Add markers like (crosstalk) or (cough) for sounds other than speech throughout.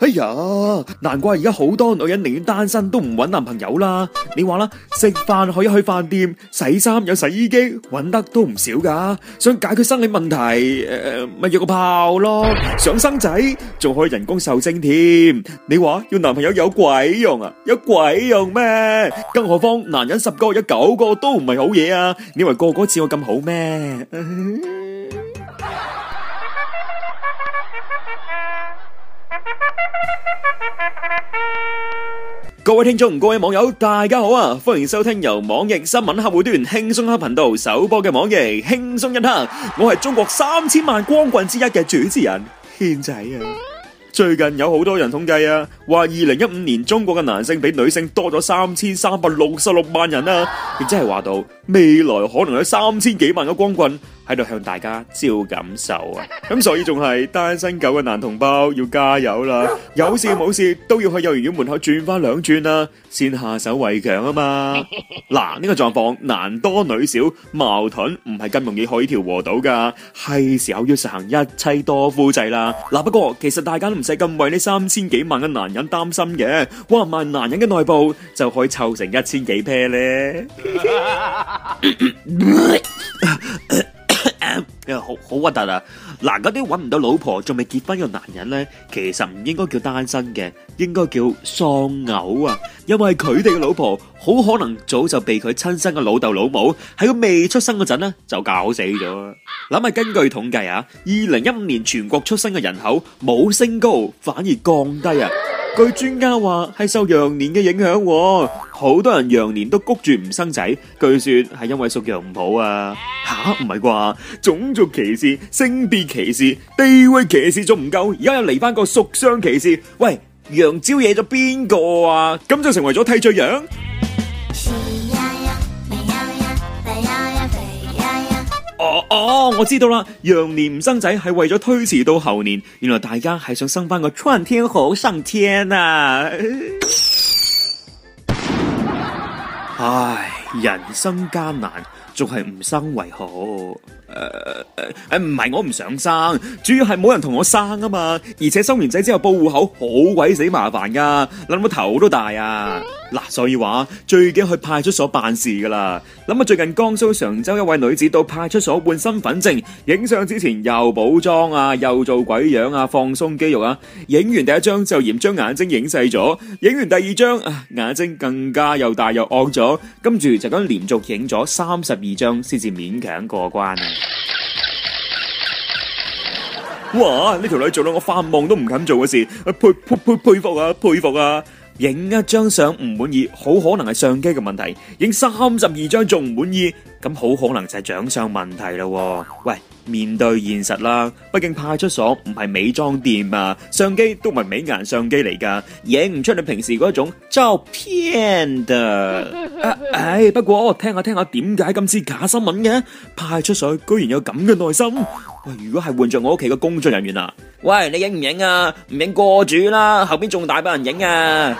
哎呀，難怪而家好多女人寧願單身都唔搵男朋友啦！你話啦，食飯可以去飯店，洗衫有洗衣機，搵得都唔少噶。想解決生理問題，咪、呃、約個炮咯。想生仔，仲可以人工受精添。你話要男朋友有鬼用啊？有鬼用咩？更何況，男人十個有九個都唔係好嘢啊！你以為個個似我咁好咩？ (laughs) 各位聽眾、各位網友，大家好啊！歡迎收聽由網易新聞客戶端輕鬆一刻頻道首播嘅網易輕鬆一刻，我係中國三千萬光棍之一嘅主持人軒仔啊！最近有好多人統計啊，話二零一五年中國嘅男性比女性多咗三千三百六十六萬人啊，亦即係話到未來可能有三千幾萬嘅光棍。喺度向大家招感受啊！咁所以仲係單身狗嘅男同胞要加油啦，有事冇事都要去幼兒園門口轉翻兩轉啦，先下手為強啊嘛！嗱，呢個狀況男多女少，矛盾唔係咁容易可以調和到噶，係時候要實行一妻多夫制啦！嗱，不過其實大家都唔使咁為呢三千幾萬嘅男人擔心嘅，話唔係男人嘅內部就可以湊成一千幾 pair 咧。好核突啊！嗱，嗰啲揾唔到老婆仲未結婚嘅男人呢，其實唔應該叫單身嘅，應該叫喪偶啊！因為佢哋嘅老婆好可能早就被佢親生嘅老豆老母喺佢未出生嗰陣呢就搞死咗。諗下根據統計啊，二零一五年全國出生嘅人口冇升高，反而降低啊！據專家話，係受羊年嘅影響，啊，好多人羊年都穀住唔生仔。據說係因為屬羊唔好啊吓，唔係啩？種族歧視、性別歧視、地位歧視仲唔夠？而家又嚟翻個屬相歧視。喂，羊招惹咗邊個啊？咁就成為咗替罪羊。哦，我知道啦，羊年唔生仔係為咗推遲到猴年，原來大家係想生返個竄天猴上天啊！ (laughs) 唉，人生艱難，仲係唔生為好。誒誒，唔係我唔想生，主要係冇人同我生啊嘛。而且生完仔之後報戶口好鬼死麻煩噶，諗到頭都大啊。嗱，所以話最驚去派出所辦事噶啦。諗下最近江蘇常州一位女子到派出所換身份證，影相之前又補妝啊，又做鬼樣啊，放鬆肌肉啊。影完第一張就嫌將眼睛影細咗，影完第二張啊眼睛更加又大又惡咗，跟住就咁連續影咗三十二張，先至勉強過關啊。哇！呢條女做到我發夢都唔敢做嘅事，佩佩佩佩服啊佩服啊！影、啊、一張相唔滿意，好可能係相機嘅問題。影三十二張仲唔滿意。咁好可能就係長相問題咯。哦，喂，面對現實啦，畢竟派出所唔係美妝店啊，相機都唔係美顏相機嚟噶，影唔出你平時嗰一種照片的。唉、 (laughs) 啊哎，不過聽下聽下，點解咁似假新聞嘅？派出所居然有咁嘅耐心？喂，如果係換着我屋企嘅工作人員啊，喂，你影唔影啊？唔影過主啦，後邊仲大把人影啊。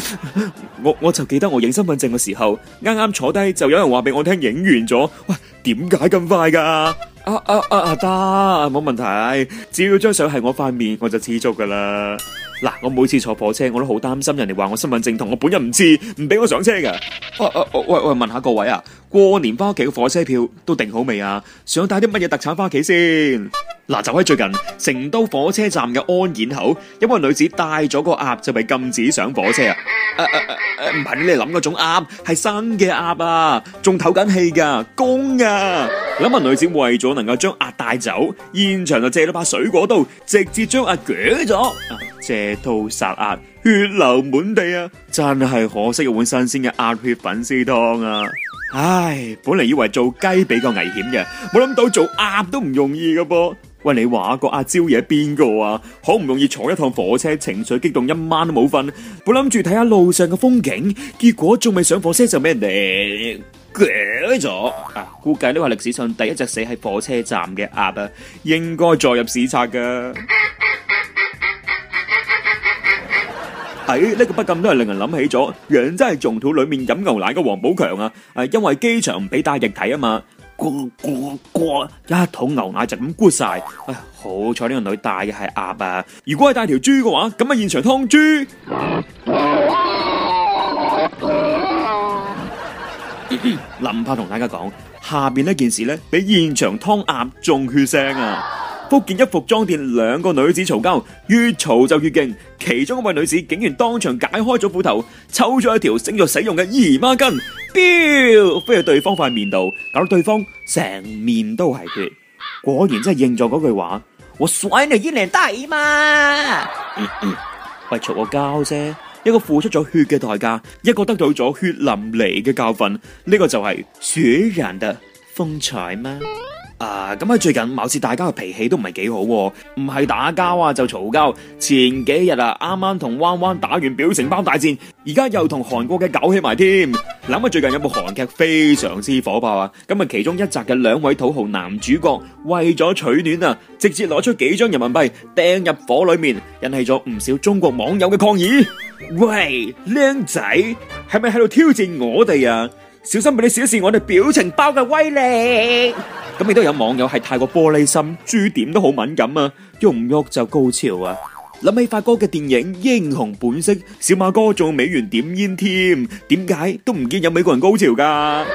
(laughs) 我我就記得我影身份證嘅時候，啱啱坐低，就有人話俾我聽影完咗，喂，點解咁快噶？啊啊啊得，冇問題，只要張相係我塊面，我就知足噶啦。嗱，我每次坐火車我都好擔心，人哋話我身份證同我本人唔知，唔俾我上車噶。啊啊。喂喂，問下各位啊。過年翻屋企嘅火車票都訂好未啊？想帶啲乜嘢特產翻屋企先？嗱，就喺最近成都火車站嘅安檢口，一位女子帶咗個鴨就被禁止上火車啊！唔係你哋諗嗰種鴨，係生嘅鴨啊，仲唞緊氣噶，公噶。咁啊，女子為咗能夠將鴨帶走，現場就借咗把水果刀，直接將鴨鋸咗，借刀殺鴨，血流滿地啊！真係可惜一碗新鮮嘅鴨血粉絲湯啊！唉，本嚟以為做雞比較危險嘅，冇諗到做鴨都唔容易㗎噃。喂，你話個阿招嘢邊個啊？好唔容易坐一趟火車，情緒激動一晚都冇瞓，本諗住睇下路上嘅風景，結果仲未上火車就俾人哋啄咗。啊、呃，估計呢個歷史上第一隻死喺火車站嘅鴨啊，應該載入史冊噶。 (laughs) 喺呢、哎這個不禁都係令人諗起咗，樣真係仲肚裏面飲牛奶嘅王寶強啊！誒，因為機場唔俾帶液體啊嘛，咕咕咕，一桶牛奶就咁咕晒。唉、哎，好彩呢個女帶嘅係鴨啊，如果係帶條豬嘅話，咁啊現場湯豬。林柏同大家講，下邊呢件事咧，比現場湯鴨仲血腥啊！福建一服裝店兩個女子嘈交，越嘈就越勁，其中一位女子竟然當場解開咗褲頭，抽咗一條正在使用嘅姨媽巾，飆飛去對方塊面度，搞到對方成面都係血。果然真係應咗嗰句話：我甩你二零大嘛！嗯嗯、喂嘈個交啫，一個付出咗血嘅代價，一個得到咗血淋漓嘅教訓，呢、這個就係血染的風采嗎？啊，咁啊！最近貌似大家嘅脾氣都唔係幾好喎，唔係打交啊就嘈交。前幾日啊，啱啱同彎彎打完表情包大戰，而家又同韓國嘅搞起埋添。諗下最近有部韓劇非常之火爆啊，咁啊其中一集嘅兩位土豪男主角為咗取暖啊，直接攞出幾張人民幣掟入火裏面，引起咗唔少中國網友嘅抗議。喂，靚仔，係咪喺度挑戰我哋啊？小心俾你小視我哋表情包嘅威力。咁亦 (laughs) 都有網友係太過玻璃心，豬點都好敏感啊，喐唔喐就高潮啊。諗起發哥嘅電影《英雄本色》，小馬哥做美元點煙添，點解都唔見有美國人高潮噶？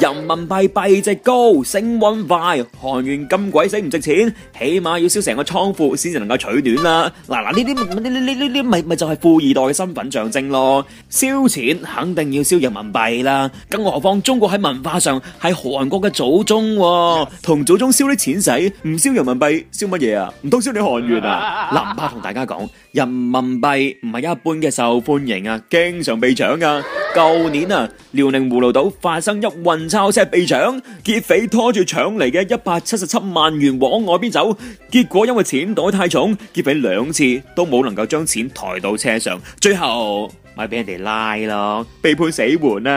人民幣幣值高，升溫快，韓元咁鬼死唔值錢，起碼要燒成個倉庫先至能夠取暖啦、啊！嗱、啊、嗱，呢啲呢呢呢呢咪咪就係、是、富二代嘅身份象徵咯！燒錢肯定要燒人民幣啦，更何況中國喺文化上係韓國嘅祖宗、啊，同祖宗燒啲錢使，唔燒人民幣，燒乜嘢啊？唔通燒你韓元啊？嗱、啊，啊、唔怕同大家講，人民幣唔係一般嘅受歡迎啊，經常被搶噶、啊。舊年啊，遼寧葫蘆島發生一運鈔車被搶，劫匪拖住搶嚟嘅一百七十七萬元往外邊走，結果因為錢袋太重，劫匪兩次都冇能夠將錢抬到車上，最後咪俾人哋拉咯，被判死緩啦，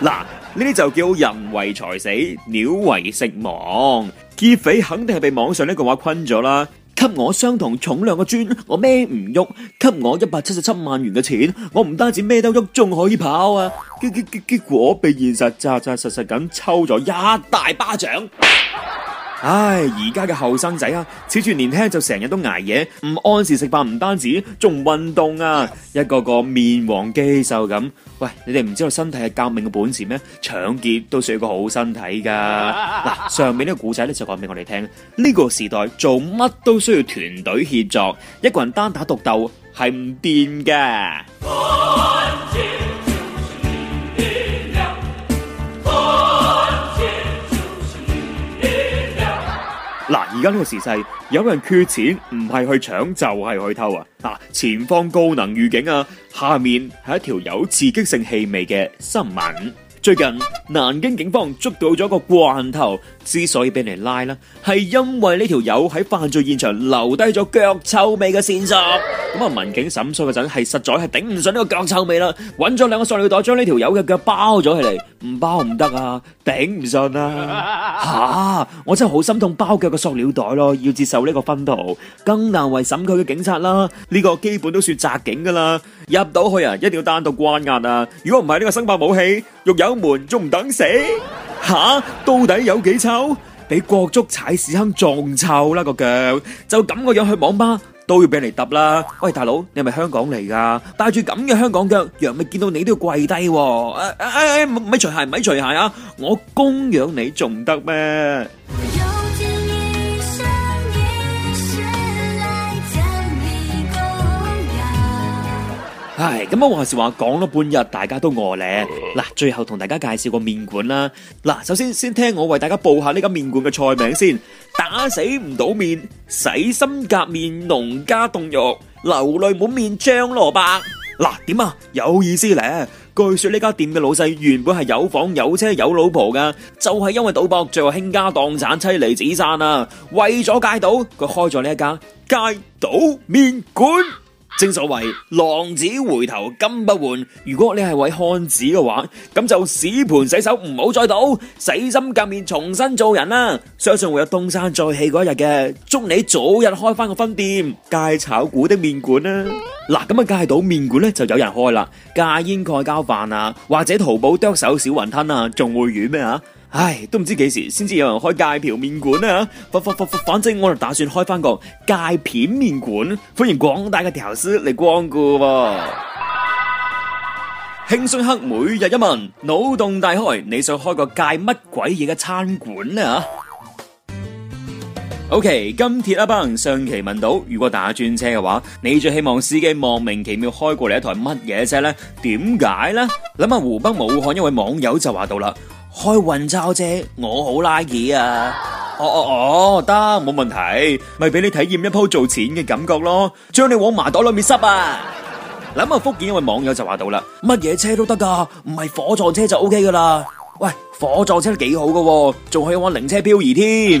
啊。嗱， (laughs) 呢啲就叫人為財死，鳥為食亡，劫匪肯定係被網上呢句話困咗啦。給我相同重量嘅磚，我孭唔喐；給我一百七十七萬元嘅錢，我唔單止孭得喐，仲可以跑啊！結結結結果被現實揸揸實實咁抽咗一大巴掌。唉，而家嘅後生仔啊，恃住年輕就成日都挨夜，唔按時食飯，唔單止仲唔運動啊，一個個面黃肌瘦咁。喂，你哋唔知道身體係革命嘅本事咩？搶劫都需要個好身體噶。嗱、啊，上面呢個故仔咧就講俾我哋聽，呢、這個時代做乜都需要團隊協作，一個人單打獨鬥係唔掂嘅。而家呢個時勢，有人缺錢不是去搶，唔係去搶就係、是、去偷啊！嗱、啊，前方高能預警啊！下面係一條有刺激性氣味嘅新聞。最近南京警方捉到咗個慣偷，之所以俾人拉啦，係因為呢條友喺犯罪現場留低咗腳臭味嘅線索。咁啊，民警審訊嗰陣係實在係頂唔順呢個腳臭味啦，揾咗兩個塑料袋將呢條友嘅腳包咗起嚟，唔包唔得啊，頂唔順啊！吓、啊，我真係好心痛包腳嘅塑料袋咯，要接受呢個熏陶，更難為審佢嘅警察啦。呢、這個基本都算襲警噶啦。入到去啊，一定要單獨關押啊！如果唔係呢個生化武器，獄友們仲唔等死？吓，到底有幾臭？俾國足踩屎坑仲臭啦，那個腳，就咁個樣去網吧都要俾人揼啦！喂，大佬，你係咪香港嚟噶？帶住咁嘅香港腳，楊冪見到你都要跪低、啊？誒誒誒，唔係除鞋唔係除鞋啊！我供養你仲得咩？唉，咁啊！話時話講咗半日，大家都餓咧。嗱， (laughs) 最後同大家介紹個麵館啦。嗱，首先先聽我為大家報下呢間麵館嘅菜名先。打死唔到面，洗心革面，農家凍肉，流淚滿面，醬蘿卜。嗱，點啊？有意思咧。據說呢間店嘅老細原本係有房有車有老婆噶，就係、是、因為賭博最後傾家蕩產妻離子散啦、啊。為咗戒賭，佢開咗呢一家戒賭麵館。正所謂浪子回頭金不換，如果你係位漢子嘅話，咁就屎盤洗手，唔好再賭，洗心革面，重新做人啦、啊。相信會有東山再起嗰一日嘅，祝你早日開翻個分店，戒炒股的麵館啦。嗱，咁 (noise) 啊戒賭麵館咧就有人開啦，戒煙蓋澆飯啊，或者淘寶剁手小雲吞啊，仲會遠咩啊？唉，都唔知幾時先至有人開街條麵館啊。反正我就打算開翻個街片麵館，歡迎廣大嘅條師嚟光顧。 (music) 輕鬆克每日一問，腦洞大開，你想開個街乜鬼嘢嘅餐館？okay, 啊 o K，今鐵一班上期問到，如果打專車嘅話，你最希望司機莫名其妙開過嚟一台乜嘢車呢？點解呢？諗下湖北武漢一位網友就話到啦。開運鈔車，我好 like 啊！哦哦哦，得，冇問題，咪俾你體驗一鋪做錢嘅感覺咯，將你往麻袋裏面塞啊！諗下福建一位網友就話到啦，乜嘢車都得噶，唔係火葬車就 OK 噶啦。喂，火葬車都幾好噶，仲可以玩靈車漂移添。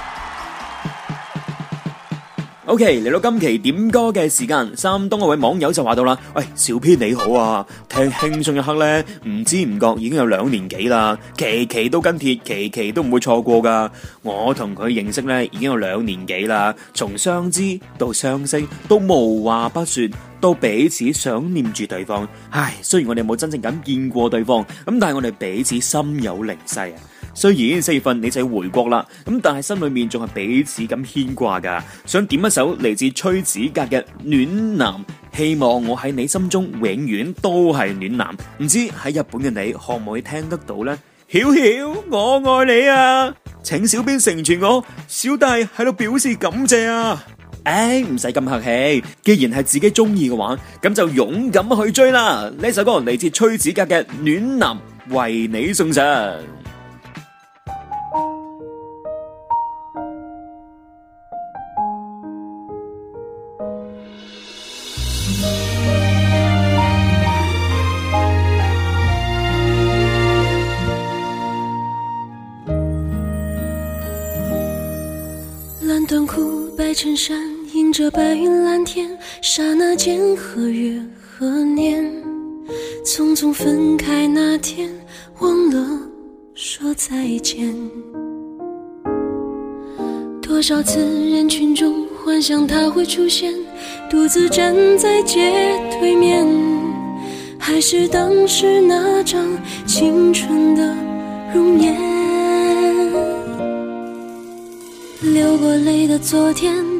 OK，嚟到今期點歌嘅時間，山東一位網友就話到啦：喂，小編你好啊，聽輕鬆一刻呢，唔知唔覺已經有兩年幾啦，期期都跟帖，期期都唔會錯過㗎。我同佢認識呢已經有兩年幾啦，從相知到相惜，都無話不說，都彼此想念住對方。唉，雖然我哋冇真正咁見過對方，咁但係我哋彼此心有靈犀啊！雖然四月份你就要回國啦，咁但係心裏面仲係彼此咁牽掛噶，想點一首嚟自崔子格嘅《暖男》，希望我喺你心中永遠都係暖男。唔知喺日本嘅你可唔可以聽得到呢？曉曉，我愛你啊！請小編成全我，小弟喺度表示感謝啊！誒，唔使咁客氣，既然係自己中意嘅話，咁就勇敢去追啦！呢首歌嚟自崔子格嘅《暖男》，為你送上。襯衫映着白雲藍天，剎那間何月何年？匆匆分開那天，忘了說再見。多少次人群中幻想他會出現，獨自站在街對面，還是當時那張青春的容顏。流過淚的昨天。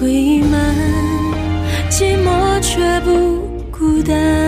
回憶慢，寂寞卻不孤單。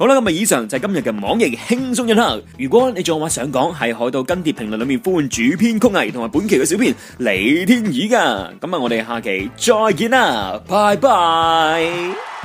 好啦，咁啊，以上就係今日嘅網易輕鬆一刻。如果你仲有話想講，喺海度跟帖評論裏面呼喚主編曲藝同埋本期嘅小編李天宇噶，咁啊，我哋下期再見啦，拜拜。